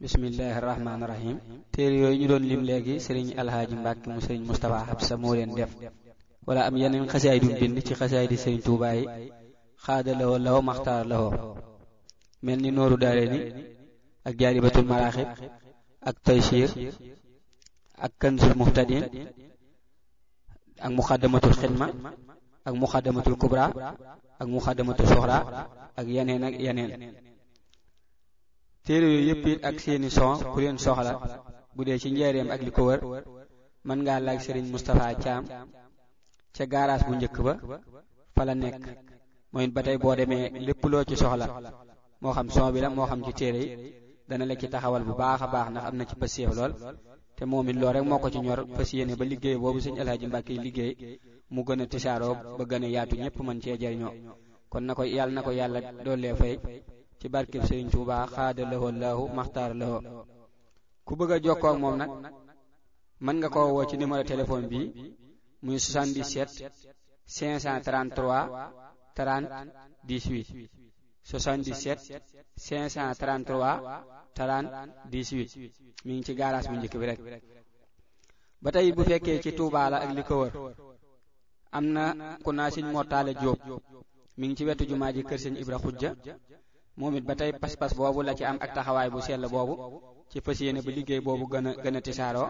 bismillahi rahmaani yooyu ñu doon lim léegi sëriñ alhaaji mbàkke mu sëriñ mustapha xabsa moo leen def wala am yeneen xasaay du bind ci xasaay di sëriñ tuubaa yi xaada lawo maxtaar lawo mel ni nooru daare ni ak jaalibatul maraaxib ak taysir ak kanzul muhtadin ak muxaddamatul xidma ak muxaddamatul kubra ak muxaddamatul soxra ak yeneen ak yeneen téere yooyu yëpp it ak seeni son ku leen soxla bu dee ci njeereem ak li ko wër mën ngaa laaj sëriñ Moustapha Thiam ca garage bu njëkk ba fa la nekk mooy ba tey boo demee lépp loo ci soxla moo xam son bi la moo xam ci téere yi dana la ci taxawal bu baax a baax ndax am na ci passeef lool te moom it lool rek moo ko ci ñor fas yéene ba liggéey boobu sëñ Alaaji Mbàkke liggéey mu gën a tisaaroo ba gën a yaatu ñëpp mën cee jariñoo kon na ko yàlla na ko yàlla ci barkeb Sëriñ Tuubaa xaada lahoo laahu maxtaar lahoo ku bëgg a moom nag mën nga ko woo ci numéro téléphone bi muy 77 533 30 18 77 533 30 18 mi ngi ci garage bu njëkk bi rek ba tey bu fekkee ci Touba la ak li ko wër am na ku naa Sëriñ Mortale Jóob mi ngi ci wetu jumaa ji kër Sëriñ Ibra Xujja moom it ba tey pas-pas boobu la ci am ak taxawaay bu sell boobu ci fas yéene ba liggéey boobu gën a gën a tisaaroo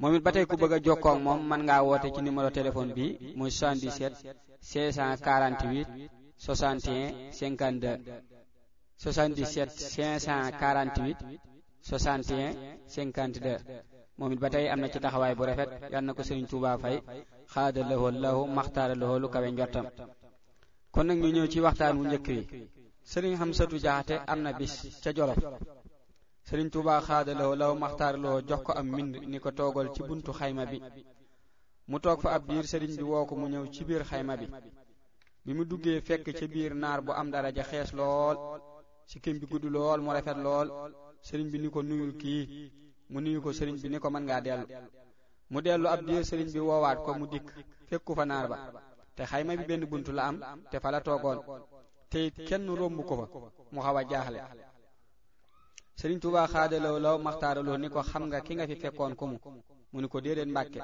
moom it ba tey ku bëgg a jokkoo ak moom mën ngaa woote ci numéro téléphone bi muy 77 648 61 52 77 548 61 52 moom it ba tey am na ci taxawaay bu rafet yal na ko Sëriñ Tuubaa fay xaada lahu lahu maxtaara lahu lu kawe njottam kon nag ñu ñëw ci waxtaan wu njëkk wi sëriñ Xamsatu Jaxate am na bis ca Jolof sëriñ Tuubaa xaadaloo law maxtaarloo jox ko am mbind ni ko toogal ci buntu xayma bi mu toog fa ab diir sëriñ bi woo ko mu ñëw ci biir xayma bi bi mu duggee fekk ca biir naar bu am daraja xees lool sikkim bi gudd lool mu rafet lool sëriñ bi ni ko nuyul kii mu nuyu ko sëriñ bi ni ko mën ngaa dellu mu dellu ab diir sëriñ bi woowaat ko mu dikk fekku fa naar ba te xayma bi benn bunt la am te fa la toogoon te it kenn romb ko fa mu xaw a jaaxle Sëriñ Tuubaa xaadalaw law maxtaaraloo ni ko xam nga ki nga fi fekkoon ko mu mu ni ko déedéet Mbàkke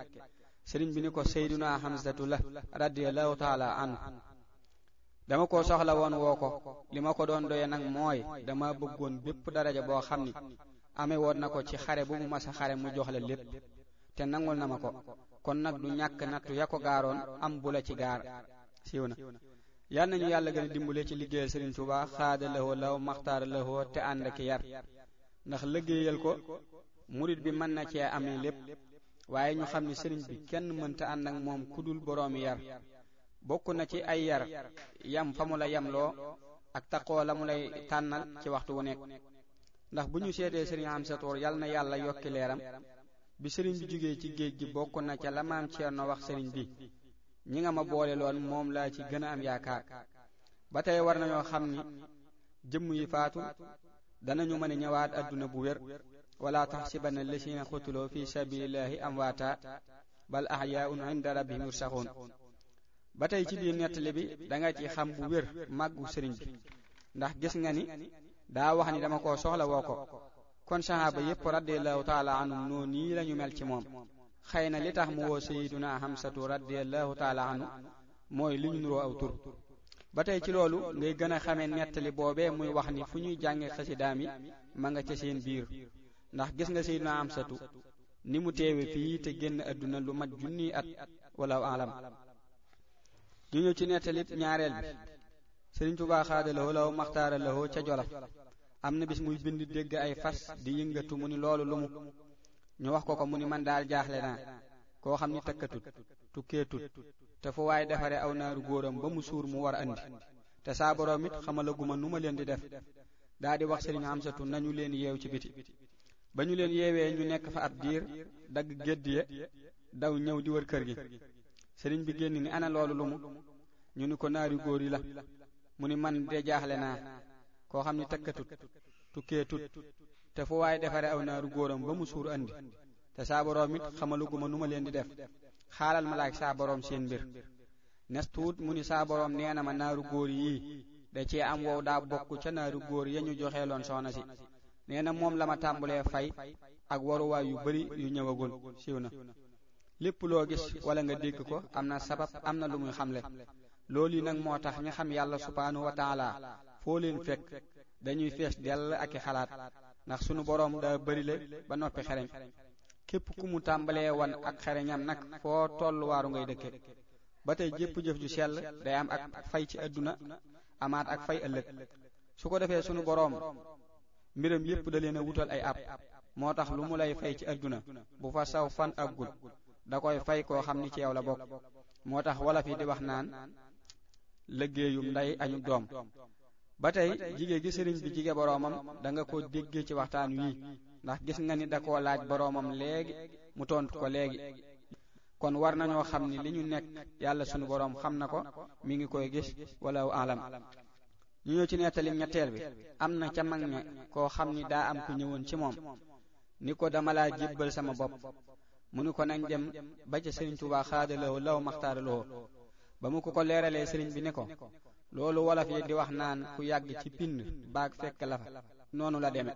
sëriñ bi ni ko Seyduna Hamzatu la radiyallahu taala anhu dama ko soxla woon woo ko li ma ko doon doye nag mooy dama bëggoon bépp daraja boo xam ni amee woon na ko ci xare bu mu masa xare mu jox la lépp te nangul na ma ko kon nag du ñàkk nattu ya ko gaaroon am bu la ci gaar siiw na yal nañu yàlla gën a ci liggéeyal Sëriñ Tuubaa xaada lahoo law maxtaara lahoo te ànd ak yar ndax liggéeyal ko murit bi mën na cee amee lépp waaye ñu xam ne sëriñ bi kenn mënta ànd ak moom ku dul boroomi yar bokk na ci ay yar yam fa mu la yamloo ak taqoo la mu lay tànnal ci waxtu wu nekk ndax bu ñu seetee sëriñ Amsatoor yal na yàlla yokki leeram bi sëriñ bi jógee ci géej gi bokk na ca la maam Ceerno wax sëriñ bi ñi nga ma boole loon moom laa ci gën a am yaakaar ba tey war nañoo xam ni jëmm yi faatu danañu mën a ñëwaat adduna bu wér wala taxsibanna lasina xutuloo fi sabilillahi amwaata bal ahyaun inda rabbihim yursaxuun ba tey ci biir nettali bi danga ci xam bu wér màggu sëriñ bi ndax gis nga ni daa wax ni dama ko soxla woo ko kon sahaaba yépp radiallahu taala noonu nii lañu mel ci moom xëy na li tax mu woo sayiduna hamsatu radiallahu taala anhu mooy li ñu nuroo aw tur ba tey ci loolu ngay gën a xamee nettali boobee muy wax ni fu ñuy jànge xasidaam yi ma nga ca seen biir ndax gis nga sayiduna hamsatu ni mu teewe fii te génn àdduna lu mat junniy at wala alam ñu ñëw ci nettalib ñaareel bi sëriñ Tuubaa xaada lahoo law maxtaara lahoo ca jolof am na bis muy bind dégg ay fas di yëngatu mu ni loolu lu mu ñu wax ko ko mu ni man daal jaaxle naa koo xam ni tëkkatut tukkeetut te fu waaye defaree aw naaru góoram ba mu suur mu war a andi te saa boroom it xamalaguma nu ma leen di def daa di wax sëriñ Amsatu nañu leen yeew ci biti ba ñu leen yeewee ñu nekk fa ab diir dagg gédd ya daw ñëw di wër kër gi sëriñ bi génn ni ana loolu lu mu ñu ni ko naari góor yi la mu ni man de jaaxle naa koo xam ni tëkkatut tukkeetut te fu waaye defare aw naaru góoram ba mu suur andi te saa boroom it xamaluguma nu ma leen di def xaalal ma laaj saa boroom seen mbir nestuut mu ni saa boroom nee na ma naaru góor yii da cee am wow daa bokk ca naaru góor ya ñu joxe loon soxna si nee na moom la ma tàmbulee fay ak waruwaay yu bari yu ñëwagul siiw na lépp loo gis wala nga dégg ko am na sabab am na lu muy xamle loolu yi nag moo tax ña xam yàlla subhaanahu wa taala foo leen fekk dañuy fees dell ak ndax sunu boroom daa bërile ba noppi xereñ képp ku mu tàmbalee wan ak xereñam nag foo tollu waaru ngay dëkke ba tey jëpp jëf ju sell day am ak fay ci àdduna amaat ak fay ëllëg su ko defee sunu boroom mbiram yépp da leen a wutal ay ab moo tax lu mu lay fay ci àdduna bu fa saw fan aggul da koy fay koo xam ni ci yow la bokk moo tax wala fi di wax naan liggéeyum nday añu doom ba tey jige gi sëriñ bi jige boroomam da nga ko déggee ci waxtaan wii ndax gis nga ni da koo laaj boroomam léegi mu tontu ko léegi kon war nañoo xam ni li ñu nekk yàlla sunu boroom xam na ko mi ngi koy gis wala alam ñu ñëw ci nettali ñetteel bi am na ca mag ña koo xam ni daa am ku ñëwoon ci moom ni ko dama laa jébbal sama bopp mu ni ko nañ dem ba ca sëriñ Tuubaa xaadaloo law maxtaaraloo ba mu ko ko leeralee sëriñ bi ni ko loolu wolof yi di wax naan ku yàgg ci pind baag fekk la fa noonu la deme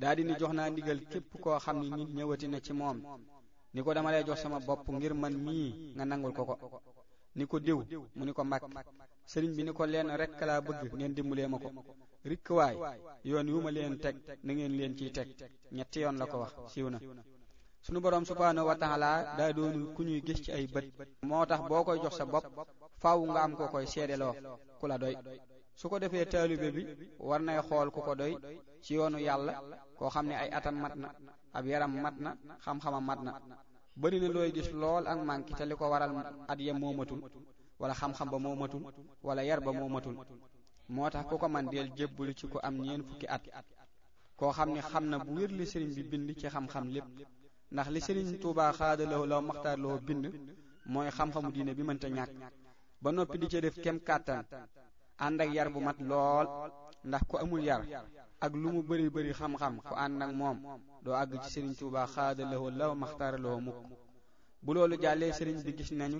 daldi ni jox naa ndigal képp koo xam ni nit ci moom ni ko dama lay jox sama bopp ngir man mii nga nangul ko ko ni ko diw mu ni ko mbàkk sëriñ bi ni ko leen rekk laa bëgg ngeen dimbulee ma ko rikkwaay yoon yu ma leen teg na ngeen leen ciy teg ñetti yoon la ko wax siiw na sunu borom subhaanahu wa taala daa ku ñuy gis ci ay bët moo tax boo koy jox sa bopp faw nga am ko koy seedeloo ku la doy su ko defee taalibe bi war nay xool ku ko doy ci yoonu yàlla koo xam ne ay atam mat na ab yaram mat na xam a mat na bëri na looy gis lool ak manki te li ko waral at ya moomatul wala xam-xam ba moo moomatul wala yar ba moomatul moo tax ku ko man del jébbalu ci ko am ñeen fukki at koo xam ne xam na bu wér li sëriñ bi ci xam-xam lépp ndax li Serigne Touba xaadaloo law maxtaar bind mooy xam-xamu diine bi mënta ñàkk ba noppi di ca def kem kàttan ànd ak yar bu mat lool ndax ku amul yar ak lu mu bari bari xam-xam ku ànd ak moom doo àgg ci Serigne Touba xaadaloo law maxtaar loo mukk bu loolu jàllee Serigne bi gis nañu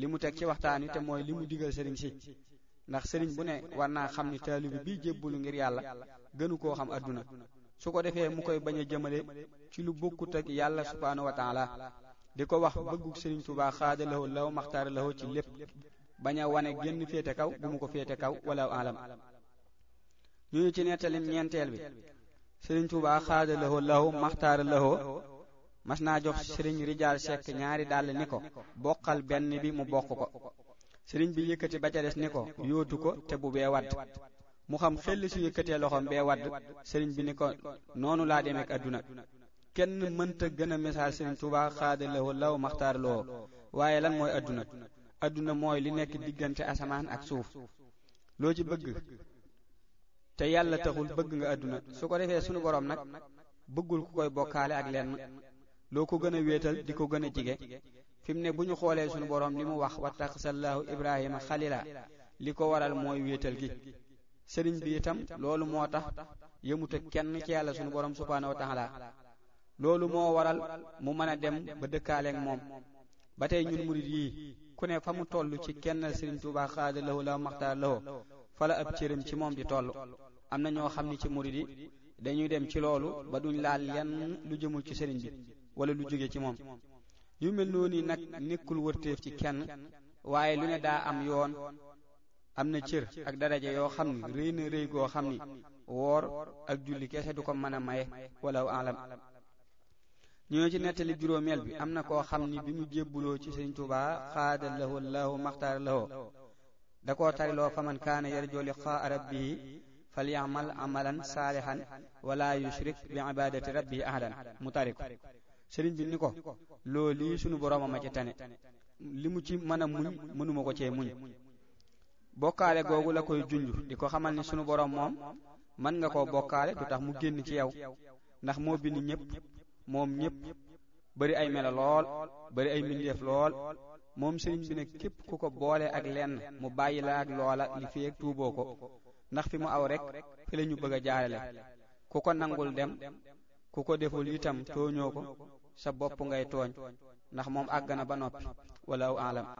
li mu teg ci waxtaan wi te mooy li mu digal Serigne si. ndax sëriñ bu ne war naa xam ni taalibe bi jébbalu ngir yàlla gënu koo xam adduna su ko defee mu koy bañ a jëmale ci lu bokkut ak yàlla subhaanahu wa taala di ko wax bëggug Sëriñ Tuubaa xaadalawo law maxtaara lawo ci lépp bañ a wane génn féete kaw bu mu ko féete kaw wala alam ñu ngi ci nettalim ñeenteel bi Sëriñ Tuubaa xaadalawo law maxtaara lawo mas naa jox Sëriñ Rijaal Sekk ñaari dàll ni ko bokkal benn bi mu bokk ko sëriñ bi yëkkati ba ca des ni ko yóotu ko te bu bee wadd mu xam xel su yëkkatee loxoom bee wadd sëriñ bi ni ko noonu laa demee ak adduna kenn mënta gën a message sëriñ Tuubaa xaada law law maxtaar loo waaye lan mooy adduna àdduna mooy li nekk diggante asamaan ak suuf loo ci bëgg te yàlla taxul bëgg nga àdduna su ko defee sunu borom nag bëggul ku koy bokkaale ak leen loo ko gën a wéetal di ko gën a jige fi mu ne bu ñu xoolee sunu borom li mu wax wattaxasallaahu ibrahima xalila li ko waral mooy wéetal gi sëriñ bi itam loolu moo tax yëmute kenn ci yàlla sunu borom subhaanahu wa taala loolu moo waral mu mën a dem ba dëkkaaleeg moom ba tey ñun murit yii ku ne fa mu toll ci kenn sëriñ Tuubaa xaada lahu la maxtaar lahu fala ab cëram ci moom di toll am na ñoo xam ni ci murit yi dañuy dem ci loolu ba duñ laal yan lu jëmul ci sëriñ bi wala lu jóge ci moom yu mel noonu nag nekkul wërteef ci kenn waaye lu ne daa am yoon am na cër ak daraja yoo xam ni rëy na rëy goo xam ni woor ak julli kese du ko mën a maye wala alam ñoo ci nettali juróomeel bi am na koo xam ni bi mu jébbuloo ci sëñ Tuubaa xaada lahu llahu maxtaar lahu da koo fa man kaana yarju liqaa rabbihi falyamal amalan saalihan wala yushrik bi ibadati rabbihi ahadan mu tari ko sëriñ bi ni ko loolu sunu borooma ma ci tane li mu ci mën a muñ mënuma ko cee muñ bokkaale googu la koy junj di ko xamal ni sunu borom moom mën nga koo bokkaale du tax mu génn ci yow ndax moo bind ñépp moom ñépp bari ay melo lool bari ay mbindeef lool moom sëriñ bi ne képp ku ko boole ak lenn mu bàyyi la ak loola li fi tuuboo ko ndax fi mu aw rek fi la ñu bëgg a jaarale ku ko nangul dem ku ko deful itam tooñoo ko sa bopp ngay tooñ ndax moom àgg na ba noppi wala aw alam